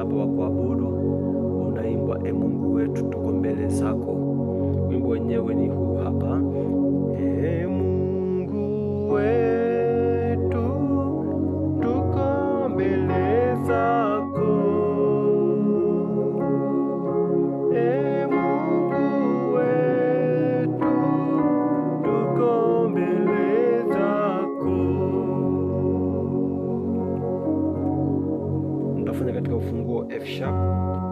hapo wa kuabudu unaimbwa, e Mungu wetu, tuko mbele zako. Wimbo wenyewe ni huu hapa e ufunguo F sharp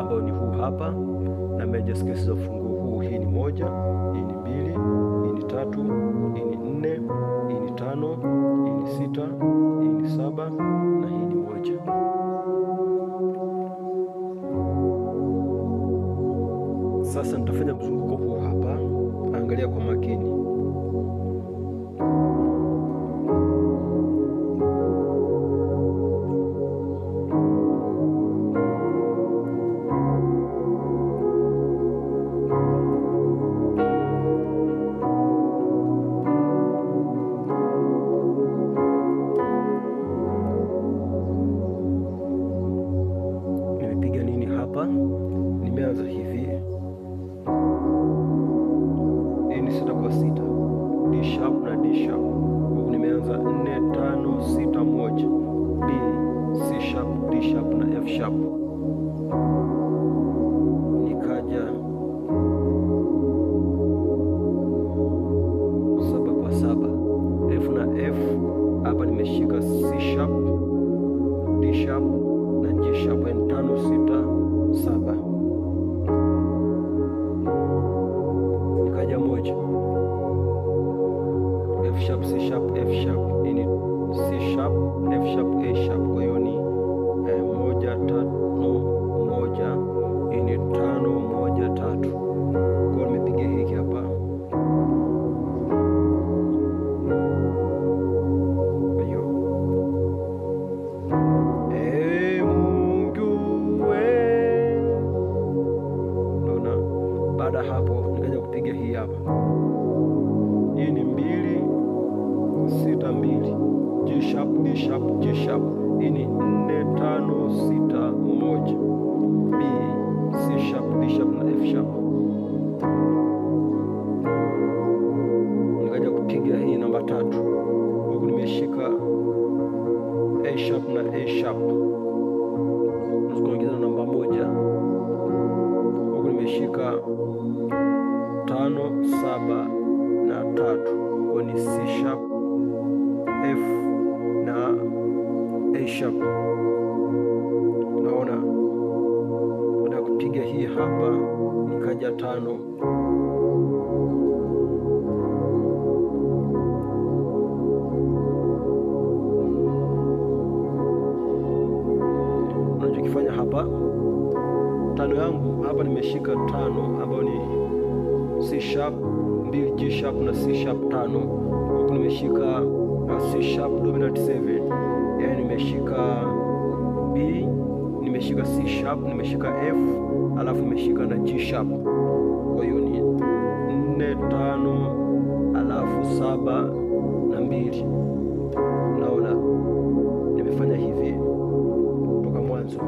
ambao ni huu hapa, na major scales za ufunguo huu. Hii ni moja, hii ni mbili, hii ni tatu, hii ni nne, hii ni tano, hii ni sita, hii ni saba na hii ni moja. Sasa nitafanya mzunguko huu hapa, angalia kwa makini. nimeanza hivi hii ni sita kwa sita D sharp na D sharp nimeanza nne tano sita moja B C sharp D sharp na F sharp shamba. Nikaja kupiga hii namba tatu, huku nimeshika A sharp na A sharp, nikaongeza namba moja, huku nimeshika tano saba na tatu, kwa ni C sharp F na A sharp. Unaona, na kupiga hii hapa ya tano. Unachokifanya hapa, tano yangu hapa nimeshika tano ambayo ni C sharp mbili, G sharp na C sharp tano, huku nimeshika C sharp dominant 7, yani nimeshika B nimeshika C sharp, nimeshika F alafu nimeshika na G sharp. Kwa hiyo ni nne tano alafu saba na mbili. Unaona nimefanya hivi toka mwanzo.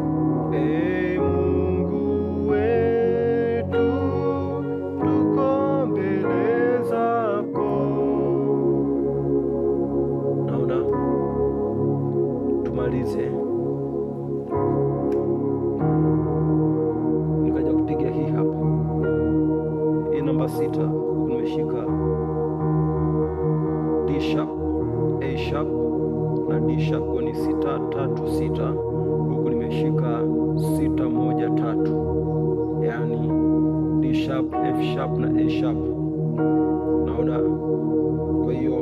F sharp na A sharp, naona kwa hiyo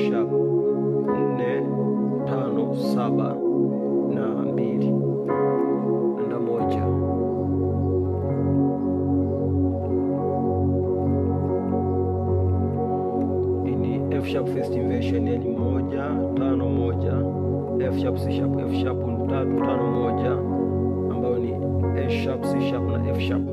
jumlisha nne tano saba na mbili namba moja. ini ni F sharp first inversion, yani moja tano moja F sharp C sharp F sharp tatu tano moja ambayo ni A sharp C sharp na F sharp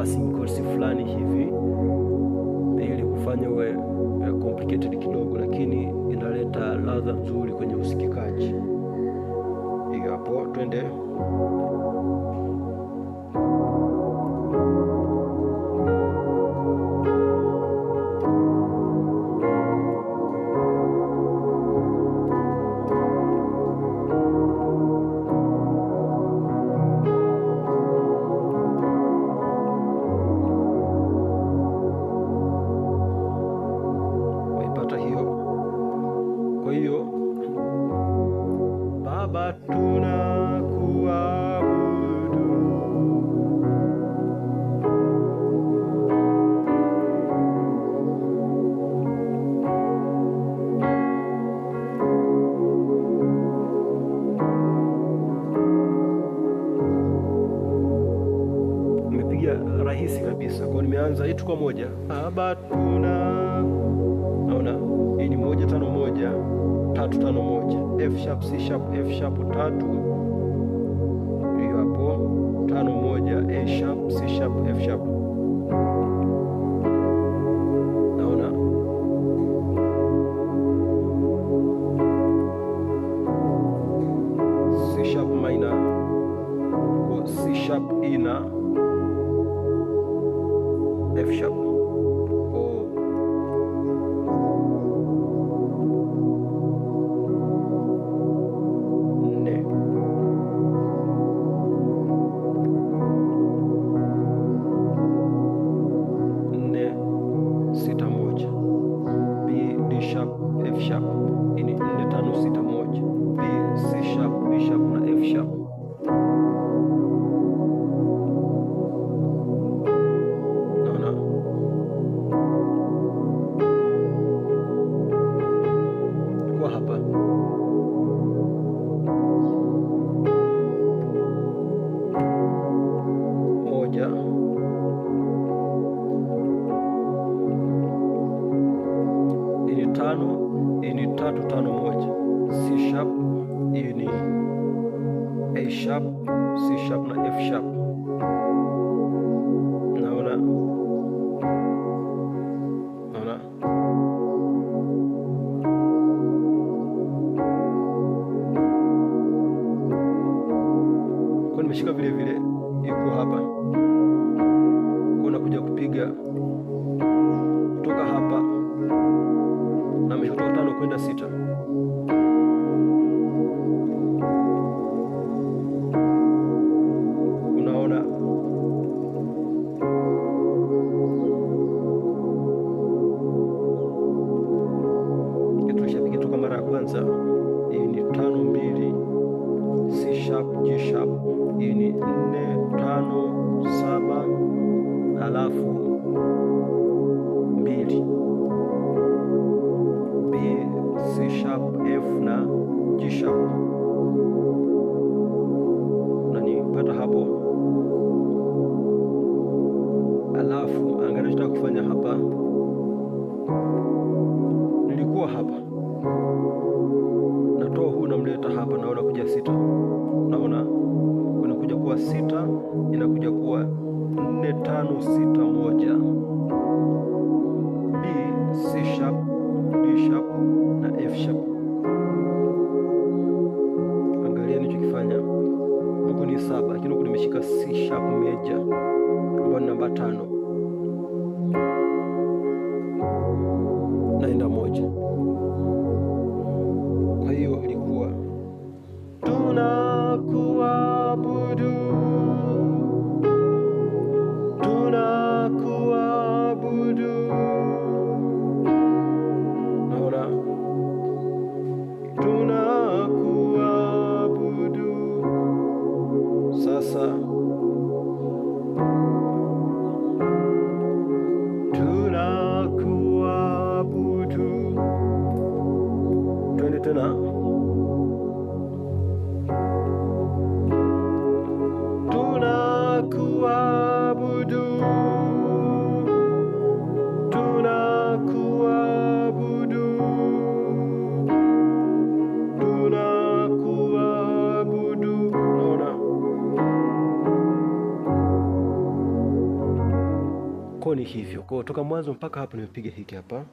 passing course fulani hivi ili kufanya uwe eh, complicated kidogo, lakini inaleta ladha nzuri kwenye usikikaji. Hiyo hapo, twende. kwanza hii tuko moja haba tuna naona hii ni moja tano moja tatu tano moja F sharp C sharp F sharp tatu tatu tano moja C sharp, hiyo ni A sharp, C sharp na F sharp. Naona naona kwa nimeshika vile vile iko hapa Kwa toka mwanzo mpaka hapa nimepiga hiki hapa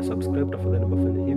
hujasubscribe number mafanya